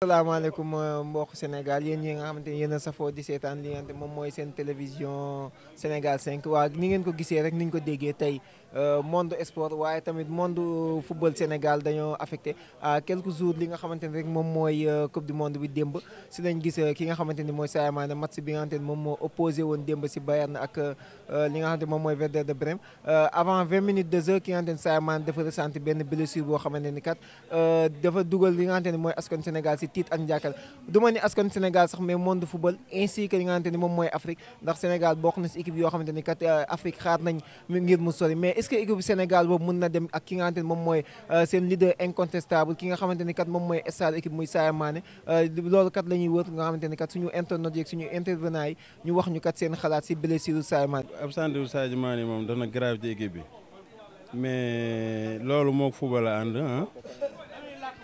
salaamaaleykum euh, mbokk Sénégal yéen ñi nga xamante ni yéen a safoo di seetaan li nga xamante moom mooy seen télévision Sénégal 5 waa ni ngeen ko gisee rek ni ñu ko déggee tey euh, monde sport waaye tamit monde football Sénégal dañoo affecté à jour jours li nga xamante ni rek moom mooy euh, coupe du monde bi démb si lañ gisee ki nga xamante ni mooy Sadio Mané match bi nga xamante ni moom moo opposé woon démb si Bayern ak li nga xamante moom mooy Werder de Brême avant 20 de jeu ki nga xamante ni Sadio benn blessure boo xamante ni kat dafa dugal li nga xamante ni mooy askan Sénégal si tiit ak njàkkal du ma ne askan Sénégal sax mais monde football ainsi que li nga xamante moom mooy Afrique ndax Sénégal bokk na si yoo xamante ni kat euh, Afrique xaar nañ ngir mu sori mais est ce que équipe Sénégal boobu mën na dem ak ki nga mooy euh, seen leader incontestable ki nga xamante ni kat moom mooy star équipe muy Sadio euh, loolu kat la wër nga xamante ni kat suñu internautes yeeg suñu intervenants yi ñu wax ñu kat seen xalaat si blessure Sadio Mané absence du Sadio Mané moom dana grave ci équipe bi mais loolu moo football la ànd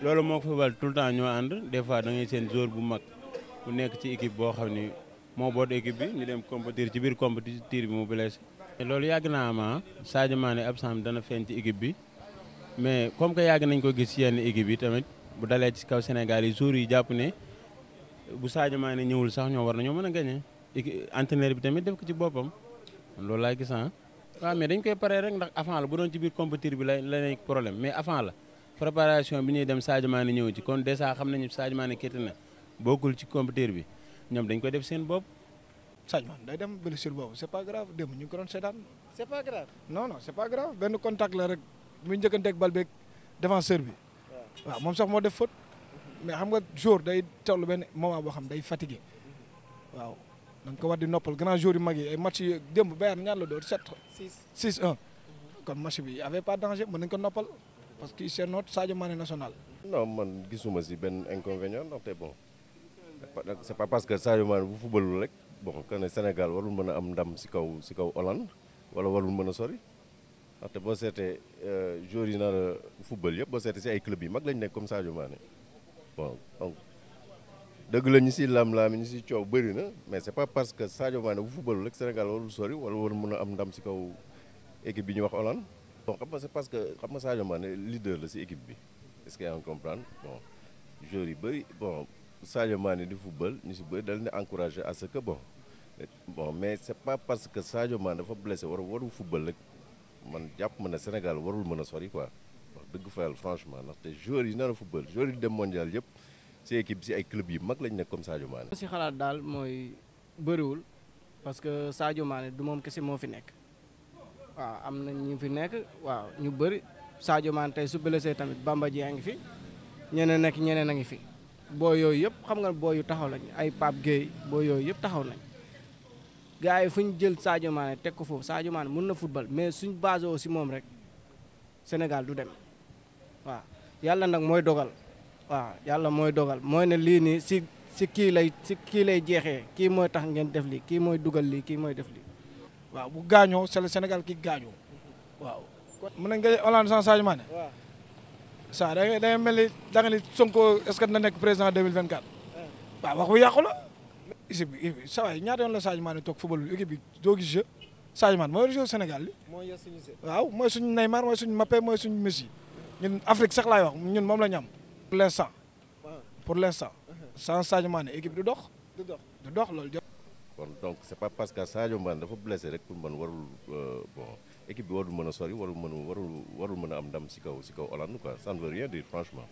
loolu moo ko fi wal le temps ñoo ànd des fois da ngay seen joueur bu mag bu nekk ci équipe boo xam ni moo boot équipe bi ñu dem compétir ci biir compétiteur bi mu blessé. loolu yàgg naa ma ah. Sadio Mané absent dana feeñ ci équipe bi mais comme que yàgg nañ ko gis ci yenn équipe yi tamit bu dalee ci kaw Sénégal yi jour yi jàpp ne bu Sadio Mané ñëwul sax ñoo war nañoo mën a gagné entraîneur bi tamit def ko ci boppam loolu laa gis ah. waaw mais dañ koy paree rek ndax avant la bu doon ci biir bi la problème mais avant la. préparation bi ñuy dem Sadio Mané ñëw ci kon dèjà xam nañu Sadio Mané kétti na bokkul ci compétiteur bi ñoom dañ ko def seen bopp. Sadio Mané day dem blessure boobu c'est pas grave dem ñu ko doon seetaan. c'est pas grave non non c'est pas grave benn contact bi. waaw moom sax moo def faute. mais xam nga jour day tollu benn moment boo xam day fatigué waaw da di noppal grand jour yu mag yi ay match yi démb Bayern ñaar la door 7. 6 6 1. match bi y pas danger mën nañu ko noppal. parce que c'est notre Sadio national. non man gisuma si benn inconvénient ndaxte bon c'est pas parce que Sadio Mané bu fubalul rek bon que Sénégal warul mën a am ndam si kaw si kaw Hollande wala warul mën a sori ndaxte boo seetee euh, joueurs yi nar a euh, fubal yëpp boo seetee si mag lañ nekk comme Sadio Mané bon donc dëgg si lam-laam ñu si coow bëri na mais c'est pas parce que Sadio Mané bu rek Sénégal warul wala warul mën a am ndam si kaw équipe yi ñu wax Hollande. bon xam nga c'est parce que xam nga Sadio Mané leader la si équipe bi est-ce que yaa ngi bon joueurs yi bëri bon Sadio Mané di football ñu si bëri dal ne encouragé à ce que bon bon mais c'est pas parce que Sadio Mané dafa blessé war waru football rek man jàpp ma ne Sénégal warul mën a sori quoi wax dëgg fa yàlla franchement ndaxte joueurs yi nar a football joueurs yi dem mondial yëpp si équipe si ay club yi mag lañ nekk comme Sadio Mané. si xalaat daal mooy bëriwul parce que Sadio Mané du moom kese moo fi nekk. waaw am na ñu fi nekk waaw ñu bëri Sadio Mané tey su blessé tamit Bamba ji a ngi fi ñeneen ak ñeneen a ngi fi booy yooyu yëpp xam nga booy yu taxaw lañ ay Pape Gueye boo yooyu yëpp taxaw nañ gars yi fu ñu jël Sadio Mané teg ko foofu Sadio Mané mën na football mais suñ basé aussi moom rek Sénégal du dem waaw yàlla nag mooy dogal waaw yàlla mooy dogal mooy ne lii nii si si kii lay si kii lay jeexee kii mooy tax ngeen def lii kii mooy dugal lii kii mooy def lii waaw bu gaañoo c'est le Sénégal ki gaañoo waaw. mën nañ nga Hollande sans changement ne. waaw saa da ni Sonko est-ce que dina nekk président 2024. waaw wax bu yàqu la. équipe bi saa waay ñaata yoon la Sadio Mané toog football équipe bi doo gis jeu Sadio Mané mooy région Sénégal li waaw mooy suñu Neymar mooy suñu Mbappé mooy suñu Messi ñun Afrique sax laay wax ñun moom la ñu am. pour l'instant pour l'instant uh-huh. sans Sadio Mané équipe du dox. du kon donc c' pas parce que Sadio Mané dafa blessé rek pour man warul euh, mën a sori warul mën a am ndam si kaw si kaw Hollande quoi ça ne veut franchement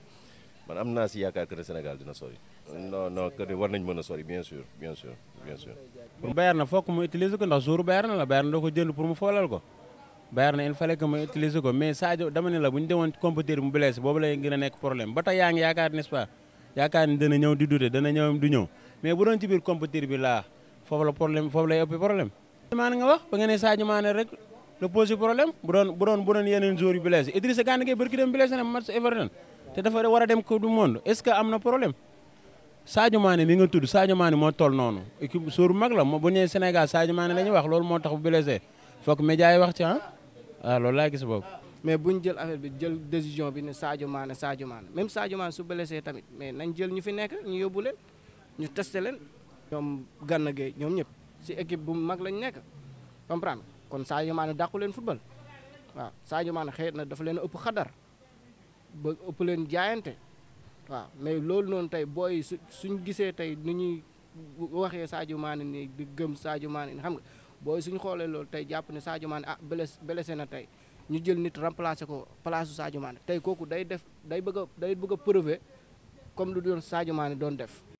man am naa si yaakaar que Sénégal dina sori. non non que war nañ mën a sori bien sûr bien sûr bien sûr. pour Bayern na fokk mu utiliser ko ndax jour Bayern la Bayern doo ko jënd pour mu foolal ko. Bayern na il fallait que mu utiliser ko mais Sadio dama ne la bu ñu demoon compétiteur mu bi laa. foofu la problème foofu lay ëpp problème. Mané nga wax ba nga ne Sadio Mané rek la posé problème bu doon bu doon bu doon yeneen joueurs yu blessé Idrissa Gana Gueye barki dem na match Everton te dafa a dem coupe du monde na problème. Sadio Mané mi nga tudd Sadio Mané moo toll noonu équipe suur mag la bu ñëwee Sénégal Sadio Mané la ñuy wax loolu moo tax bu blessé foog média yi wax ci ah waaw ah, laa gis boobu. mais bu ñu jël affaire bi jël décision bi ne Sadio Mané Sadio même Sadio Mané su blessé tamit mais nañ jël ñu fi nekk ñu yóbbu leen ñu testé leen. ñoom Gana Gueye ñoom ñëpp si équipe bu mag lañ nekk comprendre kon Sadio Mané dàqu leen football waaw Sadio Mané xëy na dafa leen ëpp xadar ba ëppleen leen jaayante waaw mais loolu noonu tey booy su suñ gisee tey nu ñuy waxee Sadio Mané nii di gëm Sadio Mané nii xam nga booy suñ xoolee loolu tey jàpp ne Sadio Mané ah blessé blessé na tey ñu jël nit remplacé ko place su Sadio Mané tey kooku day def day bëgg a day bëgg a comme lu doon Sadio Mané doon def.